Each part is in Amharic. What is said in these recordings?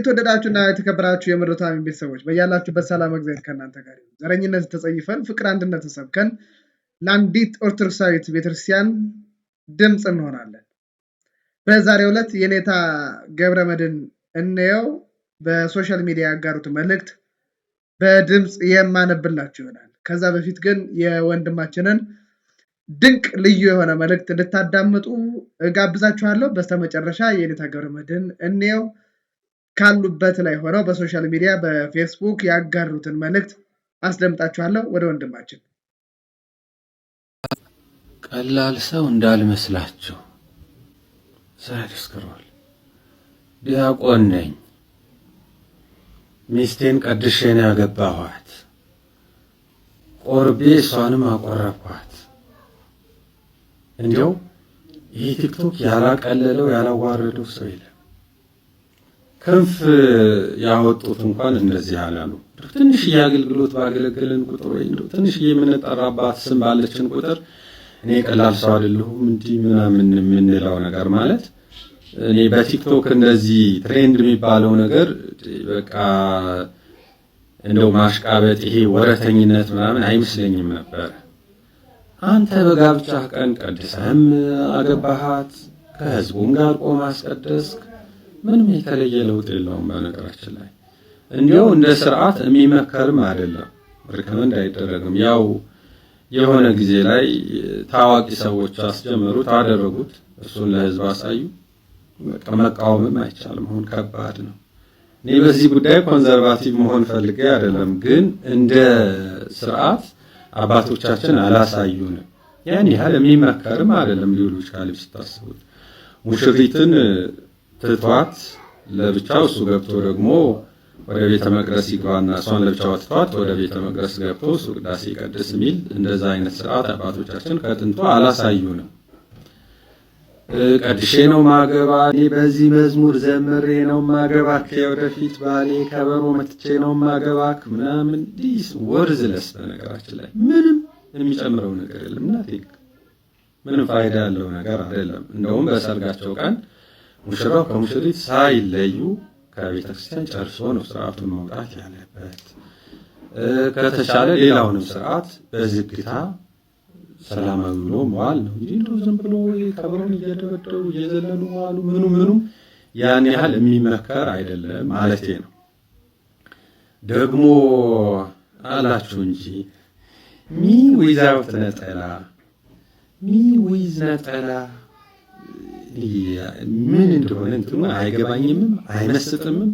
የተወደዳችሁና የተከበራችሁ የምርታሚ ቤተሰቦች በያላችሁበት ሰላም እግዚአብሔር ከእናንተ ጋር ይሁን። ዘረኝነት ተጸይፈን ፍቅር አንድነት ተሰብከን ለአንዲት ኦርቶዶክሳዊት ቤተክርስቲያን ድምፅ እንሆናለን። በዛሬው ዕለት የኔታ ገብረ መድን እንየው በሶሻል ሚዲያ ያጋሩት መልእክት በድምፅ የማነብላችሁ ይሆናል። ከዛ በፊት ግን የወንድማችንን ድንቅ ልዩ የሆነ መልእክት እንድታዳምጡ እጋብዛችኋለሁ። በስተመጨረሻ የኔታ ገብረ መድን እንየው ካሉበት ላይ ሆነው በሶሻል ሚዲያ በፌስቡክ ያጋሩትን መልእክት አስደምጣችኋለሁ። ወደ ወንድማችን ቀላል ሰው እንዳልመስላችሁ ሳይድ ዲያቆን ነኝ። ሚስቴን ቀድሼን ያገባኋት። ቆርቤ እሷንም አቆረብኳት። እንዲያው ይህ ቲክቶክ ያላቀለለው ያላዋረደው ሰው የለም። ክንፍ ያወጡት እንኳን እንደዚህ ነው። ትንሽዬ አገልግሎት ባገለገልን ቁጥር ወይ ትንሽዬ የምንጠራባት ስም ባለችን ቁጥር እኔ ቀላል ሰው አይደለሁም እንዲህ ምናምን የምንለው ነገር ማለት እኔ በቲክቶክ እንደዚህ ትሬንድ የሚባለው ነገር በቃ እንደው ማሽቃበጥ፣ ይሄ ወረተኝነት ምናምን አይመስለኝም ነበር። አንተ በጋብቻህ ቀን ቀድሰህም አገባሃት፣ ከህዝቡም ጋር ቆም አስቀደስክ ምንም የተለየ ለውጥ የለውም። በነገራችን ላይ እንዲያው እንደ ስርዓት የሚመከርም አይደለም፣ ሪከመንድ አይደረግም። ያው የሆነ ጊዜ ላይ ታዋቂ ሰዎች አስጀመሩት፣ አደረጉት፣ እሱን ለህዝብ አሳዩ። መቃወምም አይቻልም። አሁን ከባድ ነው። እኔ በዚህ ጉዳይ ኮንዘርቫቲቭ መሆን ፈልጌ አይደለም፣ ግን እንደ ስርዓት አባቶቻችን አላሳዩንም። ያን ያህል የሚመከርም አይደለም። ሊዮሎጂካሊ ስታስቡት ሙሽሪትን ትቷት ለብቻው እሱ ገብቶ ደግሞ ወደ ቤተ መቅደስ ይግባና እሷን ለብቻው ትቷት ወደ ቤተ መቅደስ ገብቶ እሱ ቅዳሴ ቀድስ የሚል እንደዛ አይነት ስርዓት አባቶቻችን ከጥንቷ አላሳዩንም። ቀድሼ ነው ማገባ በዚህ መዝሙር ዘምሬ ነው ማገባክ ወደፊት ባሌ ከበሮ መትቼ ነው ማገባክ ምናምን ዲስ ወርዝ ለስ በነገራችን ላይ ምንም የሚጨምረው ነገር የለም። ምንም ፋይዳ ያለው ነገር አይደለም። እንደውም በሰርጋቸው ቀን ሙሽራው ከሙሽሪት ሳይለዩ ከቤተክርስቲያን ጨርሶ ነው ስርዓቱን መውጣት ያለበት። ከተሻለ ሌላውንም ስርዓት በዝግታ ሰላማዊ ብሎ መዋል ነው እንጂ እንደው ዝም ብሎ ከበሮን እየደበደቡ እየዘለሉ መዋሉ ምኑ ምኑም ያን ያህል የሚመከር አይደለም ማለቴ ነው። ደግሞ አላችሁ እንጂ ሚ ዊዛውት ነጠላ ሚ ዊዝ ነጠላ ምን እንደሆነ እንትኑ አይገባኝምም፣ አይመስጥምም፣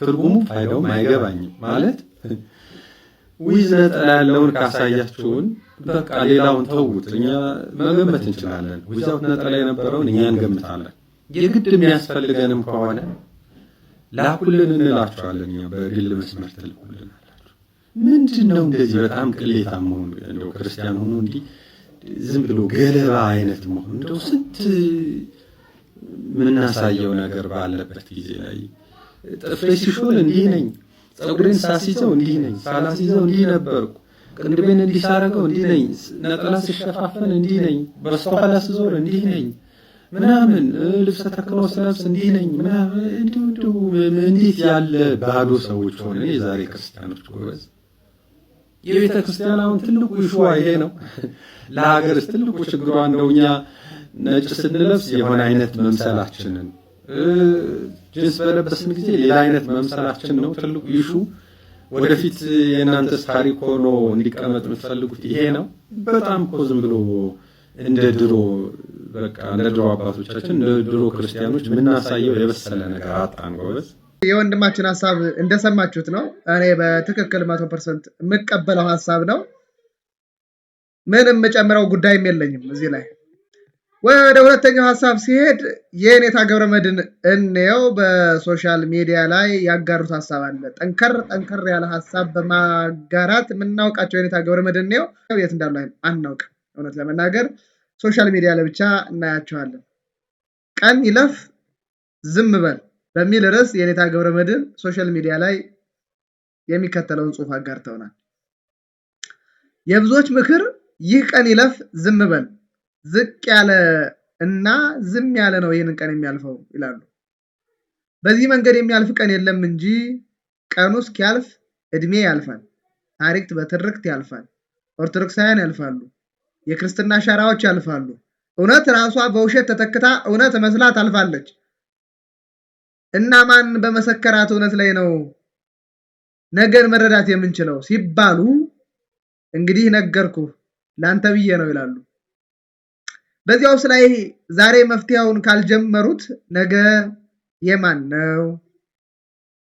ትርጉሙ ፋይዳውም አይገባኝም ማለት ዊዝ ነጠላ ያለውን ካሳያችሁን በቃ ሌላውን ተውት፣ እኛ መገመት እንችላለን። ዊዛውት ነጠላ የነበረውን እኛ እንገምታለን። የግድ የሚያስፈልገንም ከሆነ ላኩልን እንላችኋለን። በግል መስመር ትልኩልን አላችሁ። ምንድን ነው እንደዚህ በጣም ቅሌታ መሆኑ? ክርስቲያን ሆኖ እንዲህ ዝም ብሎ ገለባ አይነት መሆን እንደው ስንት የምናሳየው ነገር ባለበት ጊዜ ላይ ጥፍሬ ሲሾል እንዲህ ነኝ፣ ፀጉሬን ሳስይዘው እንዲህ ነኝ፣ ሳላስይዘው እንዲህ ነበርኩ፣ ቅንድቤን እንዲህ ሳረገው እንዲህ ነኝ፣ ነጠላ ሲሸፋፈን እንዲህ ነኝ፣ በስተኋላ ስዞር እንዲህ ነኝ ምናምን ልብሰ ተክህኖ ስለብስ እንዲህ ነኝ ምናምን እንዲሁ እንዲሁ እንዴት ያለ ባዶ ሰዎች ሆነ የዛሬ ክርስቲያኖች ጎበዝ የቤተ ክርስቲያን አሁን ትልቁ ይሹዋ ይሄ ነው። ለሀገርስ ትልቁ ችግሯ እንደው እኛ ነጭ ስንለብስ የሆነ አይነት መምሰላችንን፣ ጅንስ በለበስን ጊዜ ሌላ አይነት መምሰላችን ነው ትልቁ ይሹ። ወደፊት የእናንተስ ታሪክ ሆኖ እንዲቀመጥ የምትፈልጉት ይሄ ነው። በጣም እኮ ዝም ብሎ እንደ ድሮ በቃ እንደ ድሮ አባቶቻችን እንደ ድሮ ክርስቲያኖች የምናሳየው የበሰለ ነገር አጣን ጎበዝ። የወንድማችን ሀሳብ እንደሰማችሁት ነው። እኔ በትክክል መቶ ፐርሰንት የምቀበለው ሀሳብ ነው። ምንም የምጨምረው ጉዳይም የለኝም እዚህ ላይ። ወደ ሁለተኛው ሀሳብ ሲሄድ የኔታ ገብረመድን እንየው በሶሻል ሚዲያ ላይ ያጋሩት ሀሳብ አለ። ጠንከር ጠንከር ያለ ሀሳብ በማጋራት የምናውቃቸው የኔታ ገብረመድህን እንየው የት እንዳሉ አናውቅ። እውነት ለመናገር ሶሻል ሚዲያ ላይ ብቻ እናያቸዋለን። ቀን ይለፍ ዝም በል በሚል ርዕስ የኔታ መድን ሶሻል ሚዲያ ላይ የሚከተለውን ጽሑፍ አጋርተውናል። የብዙዎች ምክር ይህ ቀን ይለፍ ዝም በል ዝቅ ያለ እና ዝም ያለ ነው ይህንን ቀን የሚያልፈው ይላሉ። በዚህ መንገድ የሚያልፍ ቀን የለም እንጂ ቀኑ እስኪያልፍ እድሜ ያልፋል፣ ታሪክት በትርክት ያልፋል፣ ኦርቶዶክሳውያን ያልፋሉ፣ የክርስትና ሻራዎች ያልፋሉ። እውነት ራሷ በውሸት ተተክታ እውነት መስላ ታልፋለች። እና ማን በመሰከራት እውነት ላይ ነው ነገን መረዳት የምንችለው ሲባሉ እንግዲህ ነገርኩ ላንተ ብዬ ነው ይላሉ። በዚያ ውስጥ ላይ ዛሬ መፍትሄውን ካልጀመሩት ነገ የማን ነው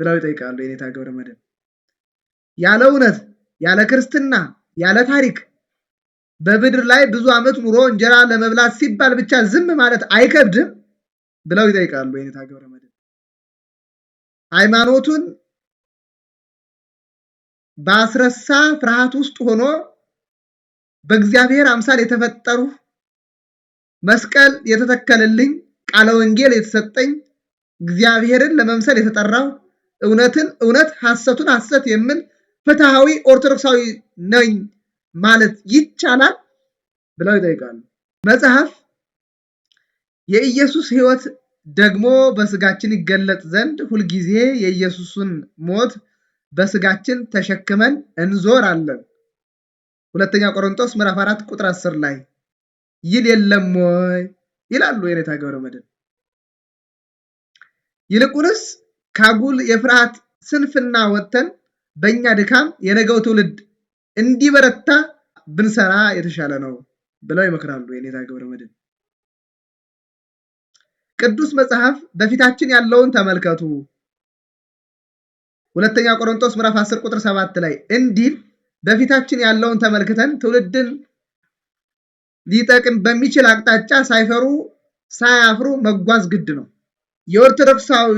ብለው ይጠይቃሉ። የኔታ ገብረ መድን ያለ እውነት ያለ ክርስትና ያለ ታሪክ በምድር ላይ ብዙ ዓመት ኑሮ እንጀራ ለመብላት ሲባል ብቻ ዝም ማለት አይከብድም ብለው ይጠይቃሉ የኔታ ገብረ መድን ሃይማኖቱን በአስረሳ ፍርሃት ውስጥ ሆኖ በእግዚአብሔር አምሳል የተፈጠሩ መስቀል የተተከለልኝ ቃለ ወንጌል የተሰጠኝ እግዚአብሔርን ለመምሰል የተጠራው እውነትን እውነት ሐሰቱን ሐሰት የምል ፍትሐዊ ኦርቶዶክሳዊ ነኝ ማለት ይቻላል ብለው ይጠይቃሉ። መጽሐፍ የኢየሱስ ሕይወት ደግሞ በስጋችን ይገለጥ ዘንድ ሁልጊዜ የኢየሱስን ሞት በስጋችን ተሸክመን እንዞራለን። ሁለተኛ ቆሮንቶስ ምዕራፍ 4 ቁጥር 10 ላይ ይል የለም ወይ ይላሉ የኔታ ገብረ መድን። ይልቁንስ ካጉል የፍርሃት ስንፍና ወጥተን በእኛ ድካም የነገው ትውልድ እንዲበረታ ብንሰራ የተሻለ ነው ብለው ይመክራሉ የኔታ ገብረ መድን። ቅዱስ መጽሐፍ በፊታችን ያለውን ተመልከቱ። ሁለተኛ ቆሮንቶስ ምዕራፍ 10 ቁጥር 7 ላይ እንዲህ በፊታችን ያለውን ተመልክተን ትውልድን ሊጠቅም በሚችል አቅጣጫ ሳይፈሩ ሳያፍሩ መጓዝ ግድ ነው። የኦርቶዶክሳዊ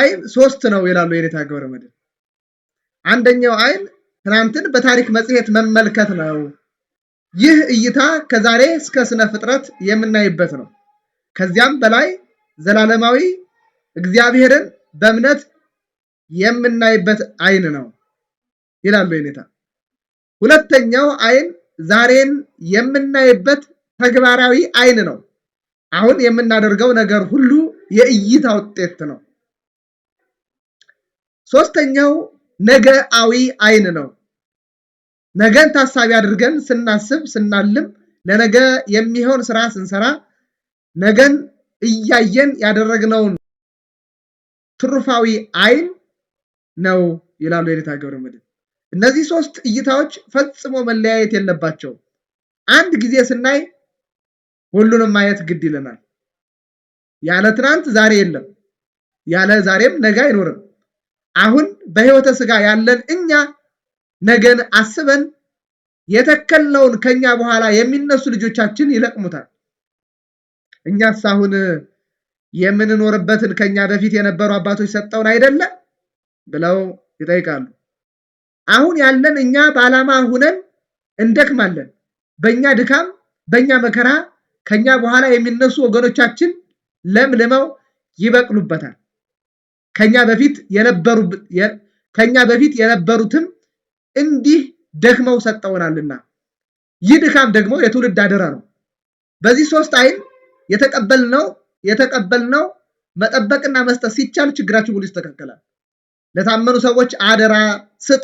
አይን ሶስት ነው ይላሉ የኔታ ገብረ መድኅን። አንደኛው አይን ትናንትን በታሪክ መጽሔት መመልከት ነው። ይህ እይታ ከዛሬ እስከ ስነ ፍጥረት የምናይበት ነው። ከዚያም በላይ ዘላለማዊ እግዚአብሔርን በእምነት የምናይበት አይን ነው ይላሉ የኔታ። ሁለተኛው አይን ዛሬን የምናይበት ተግባራዊ አይን ነው። አሁን የምናደርገው ነገር ሁሉ የእይታ ውጤት ነው። ሶስተኛው ነገአዊ አይን ነው። ነገን ታሳቢ አድርገን ስናስብ፣ ስናልም፣ ለነገ የሚሆን ስራ ስንሰራ ነገን እያየን ያደረግነውን ትሩፋዊ አይን ነው ይላሉ የኔታ ገብረመድህን። እነዚህ ሶስት እይታዎች ፈጽሞ መለያየት የለባቸውም። አንድ ጊዜ ስናይ ሁሉንም ማየት ግድ ይለናል። ያለ ትናንት ዛሬ የለም፣ ያለ ዛሬም ነገ አይኖርም። አሁን በህይወተ ስጋ ያለን እኛ ነገን አስበን የተከልነውን ከኛ በኋላ የሚነሱ ልጆቻችን ይለቅሙታል። እኛስ አሁን የምንኖርበትን ከኛ በፊት የነበሩ አባቶች ሰጠውን አይደለ ብለው ይጠይቃሉ። አሁን ያለን እኛ በዓላማ ሁነን እንደክማለን። በእኛ ድካም፣ በእኛ መከራ ከኛ በኋላ የሚነሱ ወገኖቻችን ለምልመው ይበቅሉበታል። ከኛ በፊት የነበሩ ከኛ በፊት የነበሩትም እንዲህ ደክመው ሰጠውናልና ይህ ድካም ደግሞ የትውልድ አደራ ነው። በዚህ ሶስት አይን የተቀበልነው የተቀበልነው መጠበቅና መስጠት ሲቻል ችግራችሁ ሁሉ ይስተካከላል። ለታመኑ ሰዎች አደራ ስጥ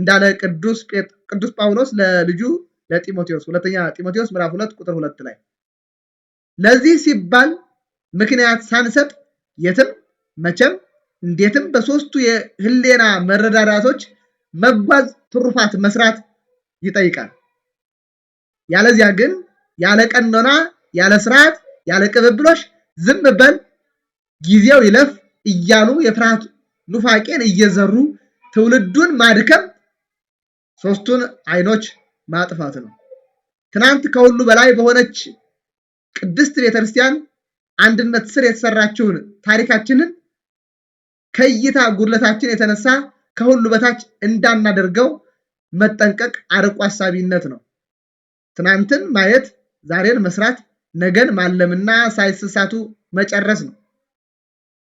እንዳለ ቅዱስ ቅዱስ ጳውሎስ ለልጁ ለጢሞቴዎስ ሁለተኛ ጢሞቴዎስ ምዕራፍ ሁለት ቁጥር ሁለት ላይ ለዚህ ሲባል ምክንያት ሳንሰጥ የትም መቼም እንዴትም በሶስቱ የህሌና መረዳዳቶች መጓዝ ትሩፋት መስራት ይጠይቃል። ያለዚያ ግን ያለ ቀኖና ያለ ስርዓት ያለ ቅብብሎሽ ዝም በል ጊዜው ይለፍ እያሉ የፍርሃት ኑፋቄን እየዘሩ ትውልዱን ማድከም ሶስቱን አይኖች ማጥፋት ነው። ትናንት ከሁሉ በላይ በሆነች ቅድስት ቤተክርስቲያን አንድነት ስር የተሰራችውን ታሪካችንን ከእይታ ጉድለታችን የተነሳ ከሁሉ በታች እንዳናደርገው መጠንቀቅ አርቆ አሳቢነት ነው። ትናንትን ማየት ዛሬን መስራት ነገን ማለምና ሳይስሳቱ መጨረስ ነው።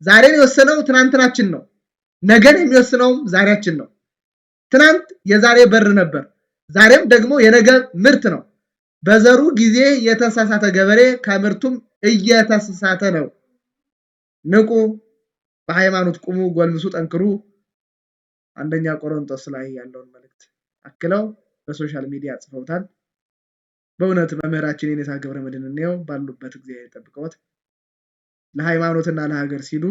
ዛሬን የወሰነው ትናንትናችን ነው። ነገን የሚወስነውም ዛሬያችን ነው። ትናንት የዛሬ በር ነበር፣ ዛሬም ደግሞ የነገ ምርት ነው። በዘሩ ጊዜ የተሳሳተ ገበሬ ከምርቱም እየተሳሳተ ነው። ንቁ፣ በሃይማኖት ቁሙ፣ ጎልብሱ፣ ጠንክሩ። አንደኛ ቆሮንቶስ ላይ ያለውን መልእክት አክለው በሶሻል ሚዲያ ጽፈውታል። በእውነት መምህራችን የኔታ ገብረ መድን እንየው ባሉበት እግዚአብሔር ጠብቀዎት ለሃይማኖትና ለሀገር ሲሉ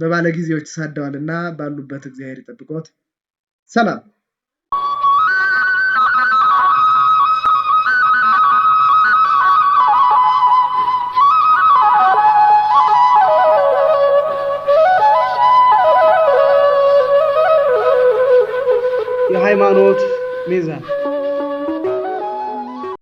በባለ ጊዜዎች ተሳደዋልና ባሉበት እግዚአብሔር ጠብቆት ሰላም የሃይማኖት ሚዛን